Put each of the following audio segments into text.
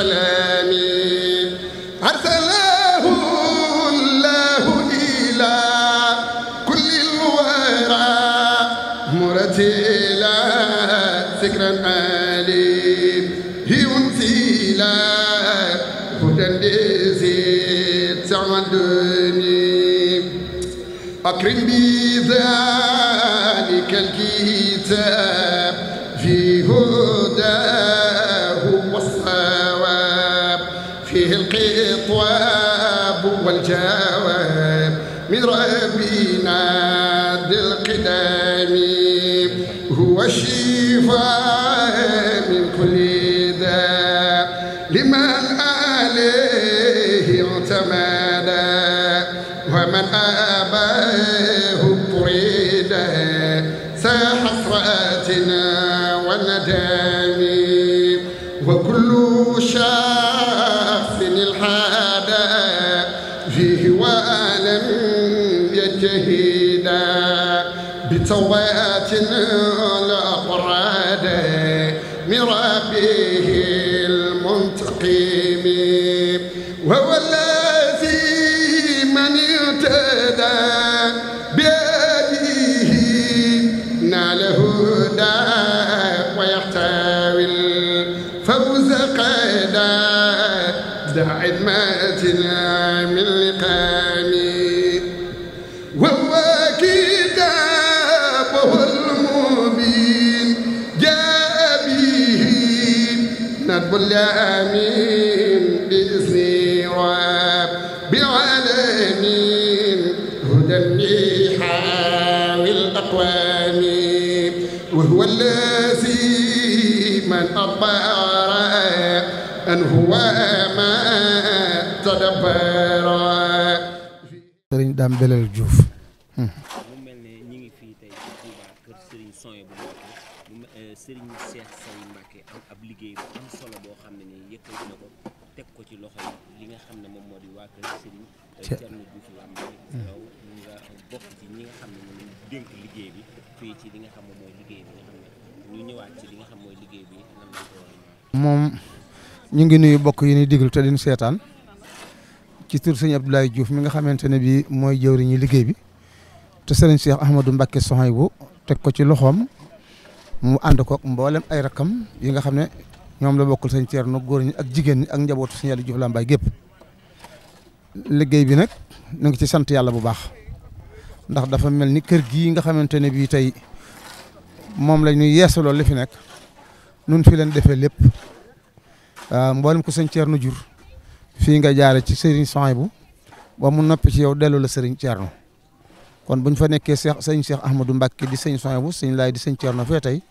الإعلام أرسله الله إلى كل الورى مرتلا ذكرا عليم ينزيلا هدى لزيد تعمدني أكرم بذلك الكتاب جواب من ربنا ذي القدام هو الشفاء شهيدا بتوبات الأفراد من ربه المنتقم وهو الذي من اهتدى بهديه نال هدى ويحتوي الفوز قيدا ذا عدمة من لقاء كل آمين بإذني رب بعالمين هدى حاوي الأقوام وهو الذي من أطار أن هو ما تدبر. Sëriñ Dame Belel Diouf. ci mm. moom ñu ngi nuy bokk yi ñuy diglu te diñu seetaan ci tur sëñ Abdoulaye Diouf mi nga xamante ne bii mooy jëwriñu liggéey bi te sëriñ Cheikh Ahmadou Mbacke Sohaybou teg ko ci loxoom mu ànd koog mboolem ay rakkam yi nga xam ne ñoom la bokkul ceer nu góor ñi ak jigéen ñi ak njabootu sëñ Aliou Diouf Lambaye gépp liggéey bi nag ñu ngi ci sant yàlla bu baax ndax dafa mel ni kër gi nga xamante ne bii tey moom la ñuy yeesu loolu li fi nekk nun fi leen defee lépp ah, mboolem ko sëñ Thierno jur fii nga jaare ci Serigne bu ba mu noppi ci yow dellu la Serigne Thierno kon bu ñu fa nekkee seex sëñ Cheikh Ahmadou Mbacke di sëñ Souhaïbou sëñ laay di sëñ Thierno fee tey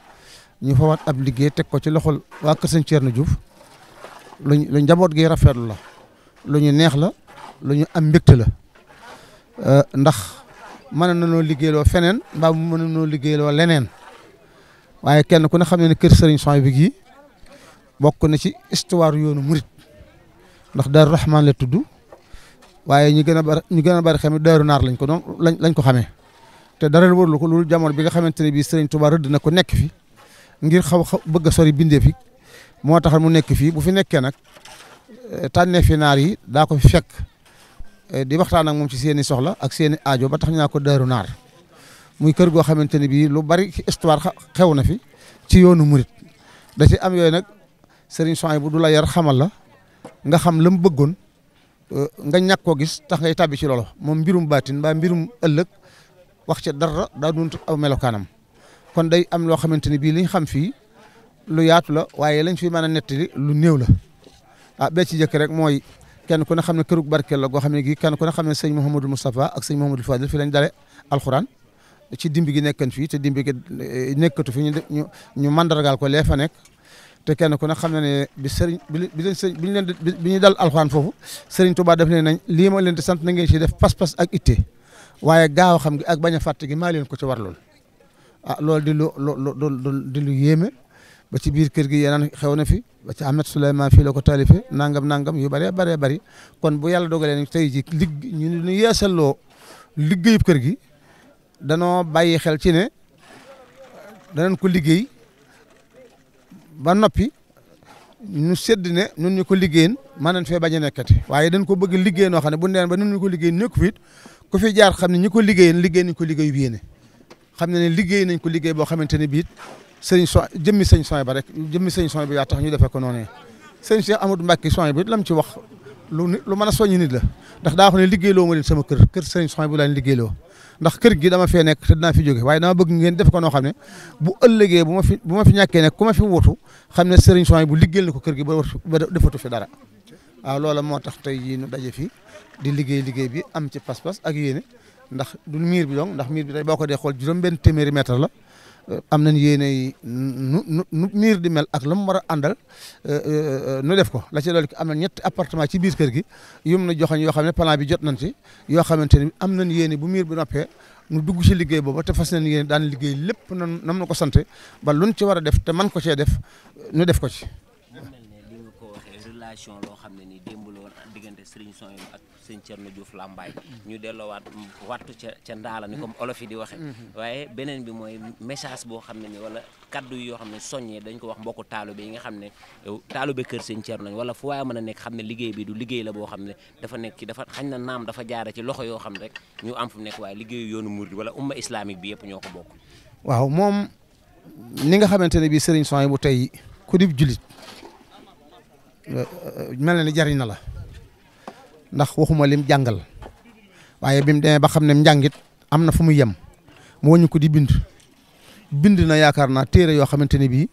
ñu fa wat ab liggéey teg ko ci loxol waa kër sëñ Thierno Diouf luñ lu njaboot gi rafetlu la lu neex la lu ñu am mbégte la euh, ndax mën nañoo liggéeyloo feneen mbaa mu mën nañoo liggéeyloo leneen waaye kenn ku ne xam ne ne kër Serigne Souhaïbou bi gi bokk na ci histoire yoonu murit ndax Daaru Rahman la tudd waaye ñi gën a bari ñu gën a bari xam Daaru Naar lañ ko doon lañ lañ ko xamee te dara warlu ko loolu jamono bi nga xamante ne bii Serigne Touba rëdd na ko nekk fi ngir xaw a bëgg sori bindee fi moo tax mu nekk fii bu fi nekkee nag euh, tànnee fi naar yi daa ko fi fekk. Eh, di waxtaan ak moom ci seen soxla ak seen i aajo ba tax ñu ko Daaru Naar muy kër goo xamante ni bii lu bari ci histoire xew na fi ci yoonu murit da ci am yooyu nag sëriñ Sohaybu bu du la yar xamal la nga xam la mu bëggoon eh, nga ñàkk koo gis tax ngay tàbbi ci lolo moom mbirum baatin mbaa mbirum ëllëg wax ci dara daa doon aw melokaanam kon day am loo xamante ni bii liñ xam fii lu yaatu la waaye lañ fi mën a nettali lu néew la ah bee ci jëkk rek mooy kenn ku ne xam ne kërug barkeel la goo xam ne gi kenn ku a xam ne sëñ Mouhamadul Moustapha ak sëñ Mouhamadul Fadil fi lañ dale ci dimbi gi nekkan fii te dimbi eh, nekkatu fi ñu ñu mandargaal ko lee fa nekk te kenn ku ne xam na ne bi sëriñ bi leen sëriñ bi ñu leen bi ñu dal alxuraan foofu sëriñ Touba def leen nañ lii ma leen di sant na ngeen ci def pas-pas ak itte waaye gaaw xam gi ak bañ a fàtte gi maa leen ko ci war lool ah loolu di lu lu di lu ba ci biir kër gi yeneen xew na fi ba ci Ahmed Souleymane fii la ko taalifee nangam nangam yu bëree bëree bari kon bu yàlla dogalee ni tey ji ligg ñu ñu yeesaloo liggéeyub kër gi danoo bàyyi xel ci ne danañ ko liggéey ba noppi ñu sedd ne nun ñu ko liggéeyin mën nañ fee bañ a nekkati waaye dañ ko bëgg liggéey noo xam ne bu neen ba nun ñu ko liggéey nekk xam ne ñi ko liggéeyin liggéey nañ ko liggéey yéene xam ne ne liggéey nañ ko liggéey boo xamante ne biit sëriñ so jëmmi sëñ soñ ba rek jëmmi sëñ soñ bi yaa tax ñu defee ko noonu sëñ Cheikh Amadou Mbacke soñ bi lam ci wax lu lu mën a soññi nit la ndax daa wax ne liggéeyloo ma leen sama kër kër sëriñ soñ bi laan liggéeyloo ndax kër gi dama fee nekk te dinaa fi jóge waaye dama bëgg ngeen def ko noo xam ne bu ëllëgee bu ma fi bu ma fi ñàkkee nekk ku ma fi wutu xam ne sëriñ soñ bu liggéeyal ko kër gi ba ba defatu fi dara waaw loola moo tax tey jii ñu daje fii di liggéey liggéey bi am ci pas-pas ak yéene ndax du miir bi donc ndax miir bi tey boo ko dee xool juróom benn téeméeri mètre la am nañ yéenay nu nu nu miir di mel ak lu mu war a àndal euh, euh, euh, nu def ko la ci loolu am na ñetti appartement ci biir kër gi yum na joxoñ yoo xam ne plan bi jot nañ ci yoo xamante ni am nañ yéene bu miir bu noppee nu dugg ci liggéey booba te fas nañ yéene daan liggéey lépp nan nam na ko sant ba luñ ci war a def te man ko cee def nu def ko ci. relation loo xam ne ni démb la woon diggante Serigne sëñ Thierno Diouf Lambaye ñu delloowaat wattu ca ca ndaala ni comme olof yi di waxe waaye beneen bi mooy message boo xam ne ni wala kaddu yoo xam ne soññee dañ ko wax mbokku taalibe yi nga xam ne taalibe kër sëñ Thierno wala fu mën a nekk xam ne liggéey bi du liggéey la boo xam ne dafa nekk dafa xañ na naam dafa jaare ci loxo yoo xam ne rek ñu am fu mu nekk waaye liggéeyu yoonu murid wala umma islamique bi yëpp ñoo ko bokk waaw moom ni nga xamante ne bii sëriñ soñ bu tey ku dib julit mel na ni jariñ na la ndax waxuma lim jàngal waaye bi mu demee ba xam ne njàngit am na fu mu yem mu wëñu ko di bind bind na yaakaar naa téere yoo xamante ni bii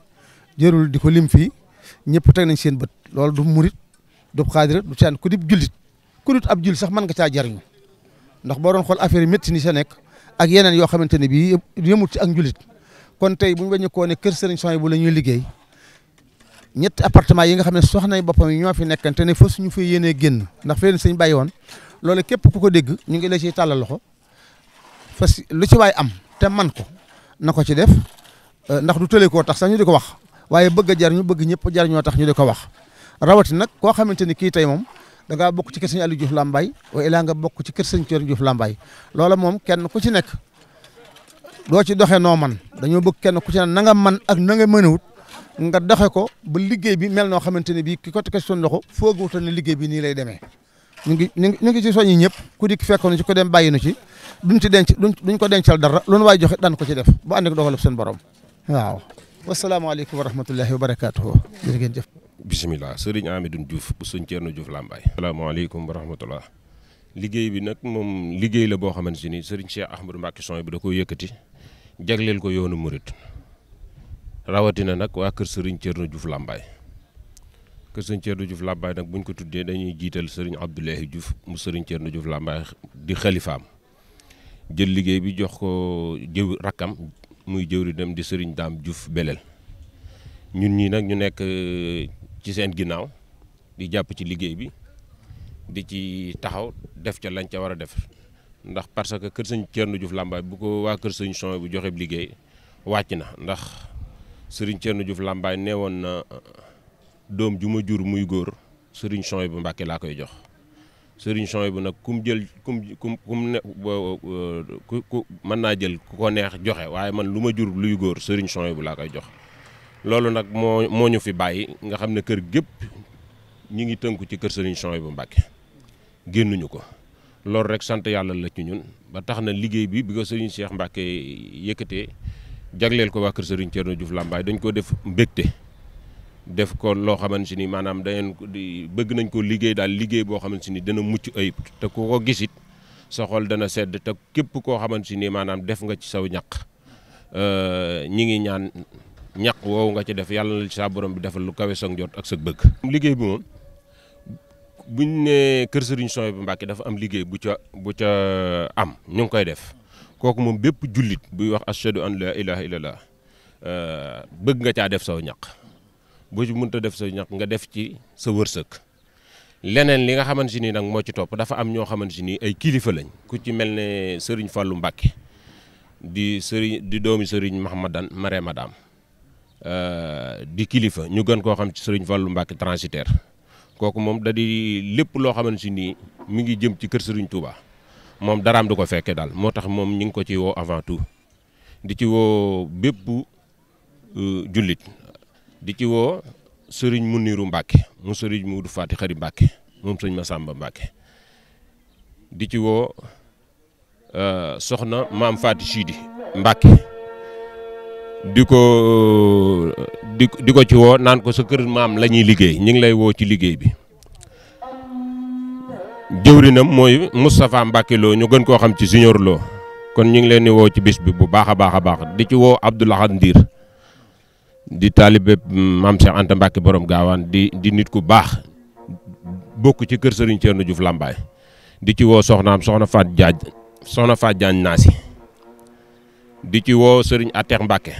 jërul di ko lim fii ñëpp teg nañ seen bët loolu du murit du xaadir du caan ku di jullit ku dut ab sax mën nga caa jariñu ndax boo doon xool affaire yi métti ni sa nekk ak yeneen yoo xamante ne bii mut ci ak njullit kon tey bu ñu bañ a ne kër sëriñ Sonia bu la ñuy liggéey ñetti appartement yi nga xam ne soxna yi boppam yi ñoo fi nekkante ne fa suñu fa yéenee génn ndax feneen suñ bay woon loolu képp ku ko dégg ñu ngi la ciy tàllal loxo fas lu ci waay am te man ko na ko ci def euh, ndax du tële koo tax sax ñu di ko wax waaye bëgg a jar ñu bëgg ñëpp jariñoo tax ñu di ko wax rawati nag koo xamante ni kii tey moom da ngaa bokk ci kër sëñ Aliou Diouf Lambaye waaye ilaa nga ci kër sëñ Thior Diouf Lambaye loola moom kenn ku ci nekk doo ci doxee noo man dañoo bëgg kenn ku ci ne na man ak na nga mënewut nga doxe ko ba liggéey bi mel noo xamante ne bii ki ko teg son loxo fooguutal ne liggéey bi nii lay demee ñu ngi ñu ngi ci soññi ñëpp ku dikk fekkoon ci ko dem bàyyi nu ci duñ ci denc duñ ko dencal dara lu nu waay joxe daan ko ci def ba ànd ak dogalab seen borom waaw. wasalaamaaleykum wa rahmatullahi wa barakaatuhu. jërë ngeen jëf. bisimilah sëriñ Amidou Diouf bu sëñ Thierno Diouf Lambaye. salaamaaleykum wa rahmatullah liggéey bi nag moom liggéey la boo xamante ni sëriñ Cheikh Ahmadou Mbacké son bi da koo yëkkati jagleel ko yoonu murit rawatina nag waa kër sëriñ Thierno Diouf Lambaye kër sëriñ Thierno Diouf Lambaye nag bu ko tuddee dañuy jiital sëriñ Abdoulaye Diouf mu sëriñ Thierno Diouf Lambaye di xalifaam jël liggéey bi jox ko jëw rakkam muy jëwri dem di sëriñ Dame Diouf Belel ñun ñii nag ñu nekk euh, ci seen ginnaaw di jàpp ci liggéey bi di ci taxaw def ca lañ ca war a def ndax parce que kër sëñ Thierno Diouf Lambaye bu ko waa kër sëñ son bu joxe liggéey wàcc na ndax sëriñ Thierno Diouf Lambaye nee woon na uh, doom ju ma jur muy góor sëriñ Chouaïb bu Mbàkke laa koy jox sëriñ yi bu nag kum jël kum kum kum ne ku ku mën naa jël ku ko neex joxe waaye man lu ma jur luy góor sëriñ yi bu laa koy jox loolu nag moo moo ñu fi bàyyi nga xam ne kër gépp ñu ngi tënku ci kër sëriñ yi bu Mbàkke génnuñu ko loolu rek sant yàlla la ci ñun ba tax na liggéey bi bi ko sëriñ Cheikh Mbàkke yëkkatee jagleel ko waa kër Serigne Thierno Diouf Lambaye dañ koo def mbégte def ko loo xamante ni maanaam dangeen di bëgg nañ koo liggéey daal liggéey boo xamante ni dana mucc ayib te ku ko gisit sa xol dana sedd te képp koo xamante nii maanaam def nga ci saw ñaq euh, ñi ngi ñaan ñaq woowu nga ci def yàlla na ci saa borom bi defal lu kawe sa njot ak sa bëgg. liggéey bi moom buñ ne kër Serigne bi Mbacké dafa am liggéey bu ca bu ca am ñu ngi koy def. kooku moom bépp jullit buy wax ashadu an la ilaha illallah euh, bëgg nga caa def saw ñaq boo ci mënta def saw ñaq nga def ci sa wërsëg leneen li nga xamante si nii nag moo ci topp dafa am ñoo xamante si nii ay kilifa lañ ku ci mel ne sëriñ Fallou Mbacke di sëriñ di doomi sëriñ Mahamadan Mare Madam euh, di kilifa ñu gën koo xam ci sëriñ Fallou Mbacke transitaire kooku moom da lépp loo xamante si nii mi ngi jëm ci kër sëriñ Touba. moom dara am du ko fekkee daal moo tax moom ñu ngi ko ci woo avant tout di ci woo bépp euh, jullit di ci woo sëriñ Muniru Mbàkke mu sëriñ Muudu Faati Xari Mbàkke moom ma Masamba Mbàkke di ci woo euh, soxna maam Faati Siidi Mbàkke di ko euh, di ko ci woo naan ko sa kër maam la ñuy liggéey ñu ngi lay woo ci liggéey bi jëwrinam mooy Moustapha Mbacke Lo ñu gën koo xam ci Junior Lo kon ñu ngi leen di woo ci bis bi bu baax a baax a baax di ci woo Abdou Lahad Ndiir di taalibe maam Cheikh Anta Mbacke borom gaawaan di di nit ku baax bokk ci kër Serigne Thierno Diouf Lambaye di ci woo soxnaam soxna Faat Jaaj soxna Faat Jaañ Naasi di ci woo sëriñ Atex Mbacke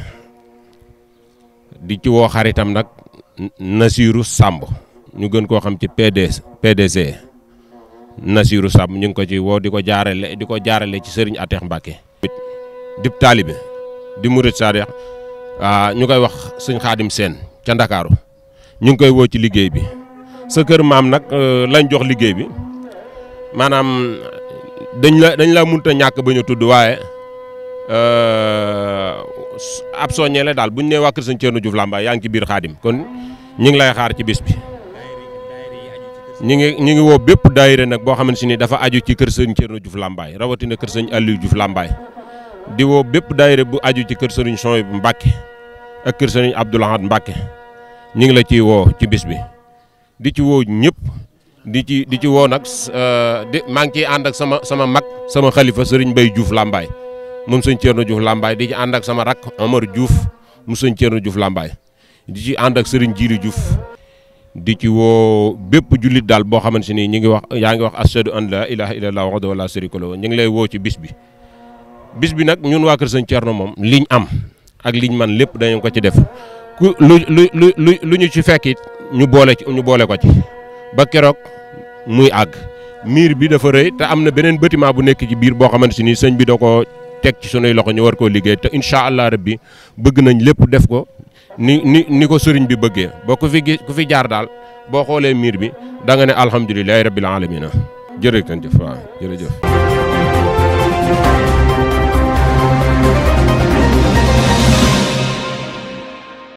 di ci woo xaritam nag Nasiru Sàmb ñu gën koo xam ci PDS PDC Nasirou Samb ñu ngi ko ci woo di ko jaarale di ko jaarale ci sëriñ Atex Mbacke. dib taalibe di murid saadex ñu koy wax sëñ xaadim seen ca ndakaaru ñu ngi koy woo ci liggéey bi sa kër maam nag euh, lañ jox liggéey bi maanaam dañ la dañ la mënut ñàkk ba ñu tudd waaye euh, ab soññee la daal bu ñu nee waa kër sëñ Thierno Diouf Lambaye yaa ngi ci biir xaadim kon ñu ngi lay xaar ci bis bi. ñi ngi ñi ngi woo bépp daayira nag boo xamante ni dafa aju ci kër sëriñ Thierno Diouf Lambaye rawatina kër sëriñ Aliou Diouf Lambaye di woo bépp daayira bu aju ci kër sëriñ bu Mbacké ak kër sëriñ Abdou Lahad Mbacké ñi ngi la ciy woo ci bis bi di ci woo ñëpp di ci di ci woo nag euh, di maa ngi ciy ànd ak sama sama mag sama xalifa sëriñ Mbaye Diouf Lambaye moom sëñ Thierno Diouf Lambaye di ci ànd ak sama rak Omar Diouf mu sëñ Thierno Diouf Lambaye di ci ànd ak sëriñ Djili Diouf di ci woo bépp jullit daal boo xamante ni ñu ngi wax yaa ngi wax ashadu an la ilaha illallah wahdahu la sharika lahu ñu ngi lay woo ci bis bi bis bi nag ñun waa Kër Sëñ Thierno moom liñ am ak liñ man lépp dañu ko ci def ku lu lu lu ñu ci fekk ñu boole ci ñu boole ko ci ba keroog muy àgg miir bi dafa rëy te am na beneen bâtiment bu nekk ci biir boo xamante ni sëñ bi da ko teg ci sunuy loxo ñu war koo liggéey te incha allah rabbi bëgg nañ lépp def ko ni ni ni ko sëriñ bi bëggee boo ku fi gis ku fi jaar daal boo xoolee miir bi da nga ne alhamdulilahi rabbil alamina jërëjëf waaw jërëjëf